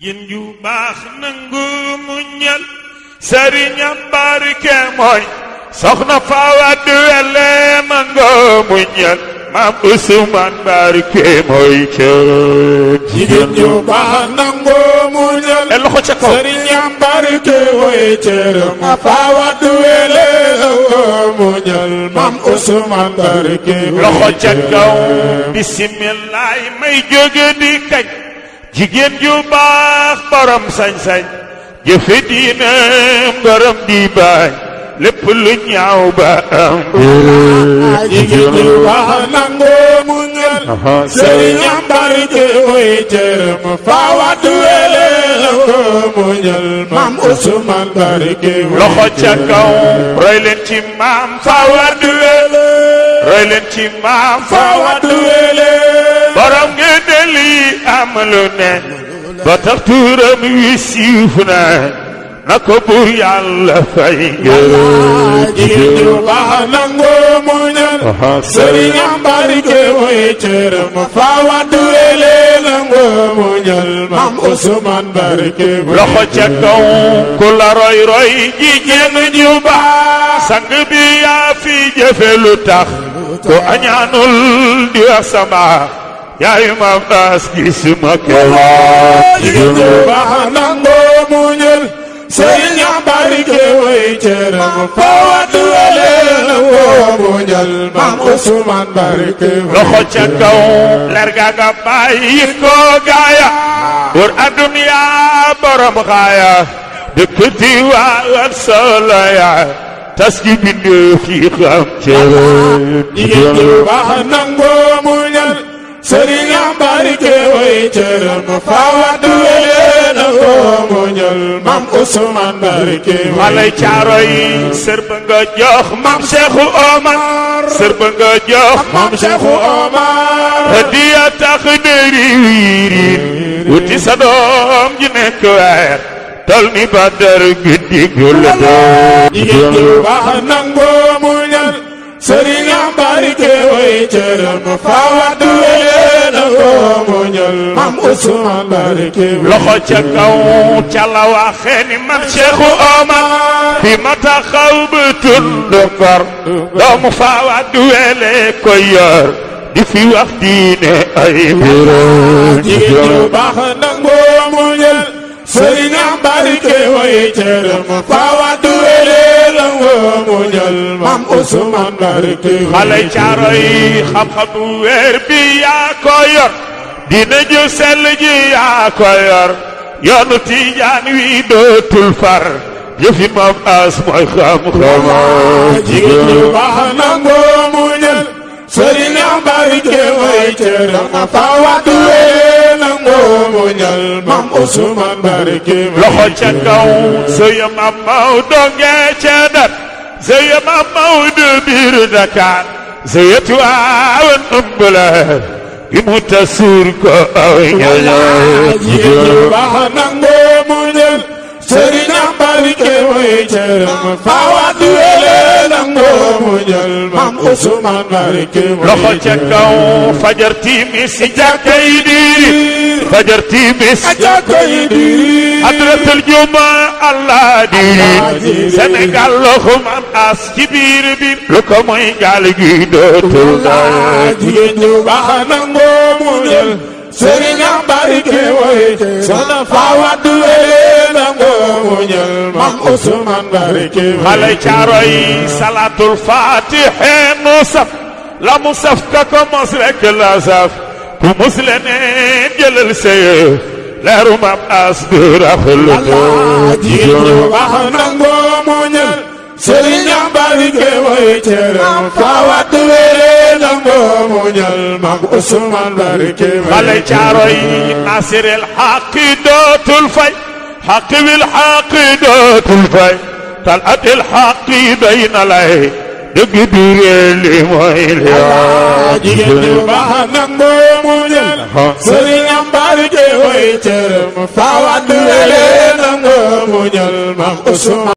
yin yu baax nangu mu ñal sëriñam barke mooy soxna fawad wele mango mu ñal maam Usmaan barke mooy ca jigéen yu baax nangu mu ñal e loxo ca kaw sëriñam barke mooy ca ma fawad wele mu ñal maam Usmaan barke loxo ca kaw bismillaay may jóge di kañ jigéen ju baax borom sañ-sañ jëfe diina borom di bañ lépp lu ñaaw ba am jigéen ju baax nangoo mu ñël sëriñam bari ji woy cërëm fa wàddu wele ko mu ñël maam Usmaan bari ji loxo ca kaw roy leen ci fa wàddu wele roy leen ci maam fa wàddu wele borom lii amalu ne ba tax tuuram wi siiw na na ko buur yàlla fay ngeen baax nangoo mu ñal sëriñ am barke mooy cëram fa wadduwele nangoo mu ñal maam Ousmane barke loxo ca kaw la roy roy jigéen ju baax sang bi yaa fi jëfe lu tax ko añaanul di wax sama yaay maam as gi si mag jigéen baax nangoo mu ñël sëriñ bari ke way cëram fa watu alee nangoo mu ñël maam Usmaan bari ke loxo ca kaw lerga nga bàyyi ko gaaya pour adduniya borom xaaya dëkk diwaan solo yaa tas gi bindee fii xam cëram jigéen baax nangoo mu sëriñ am barke way cëram fawatu weleen a ko muñal mam Usmaan barke walay caaro yi sër ba nga jox mam Seexu Omar sër ba nga jox mam Seexu Omar hadiya tax dëri wiirin wuti sa doom ji nekk weer tol ni badar guddi gula doom jigéen ji baax nangoo muñal sëriñ am barke way cëram fawatu loxo ca kaw ca la waxee ni man Cheikhu Omar bi ma taxaw ba tund kor doomu faawaat du welee koy yor di fi wax diine ay mbiram jigéen ñu baax nag boo mu ñël sëriñ am barke way cëram faawaat du welee la ngoo mu ñël maam Ousmane barke xale caaro yi xam-xam bu wér bi yaa ko yor dina ju sell ji yaa ko yor yoonu tiijaan dootul far jëfin moom as mooy xam-xama jigéen ñu baax nangoo mu ñël sëriñ am barke way cëram a fa wàddu wee nangoo mu ñël mam Usmaan barke loxo ca kaw sëya mam maw donge ca dat sëya mam maw de biir Dakar sëya tuwaawan ëmb la ki mu tasuur ko aw ñalaat yi ñu baax nangoo mu dem sëriñ am barke mooy cëram faawaat wele nangoo mu jël maam Usmaan barke mooy loxo ca kaw fajar timis si jàkka yi diiri fajar timis jàkka yi diiri jëlatal di Sénégal loxo man as ci biir biir lu ko mooy gaal gi dootul naa jigéen ñu baax na ngoomu ñël sëriñ am barke woy soxna Fawa Duwele na ngoomu ñël mam Ousmane barke woy xale caaro yi salaatul faatihe nu saf la mu saf ka ko mos rek la saf ku mus leneen jëlal sëyëf leeru maam as du rafetlu jigéen ñu wax nangoo muñal sëriñam bari koy woy cëram fawat wéree nangoo muñal maam Usmaan bari koy woy bale caaro yi nasiril xaqi dootul fay xaqi wil xaqi dootul fay tal atil xaqi doy na lay dëgg bi réer li mooy li jigéen ñu wax nangoo muñal faaw àdduna leen a nga muñal maam Usmaan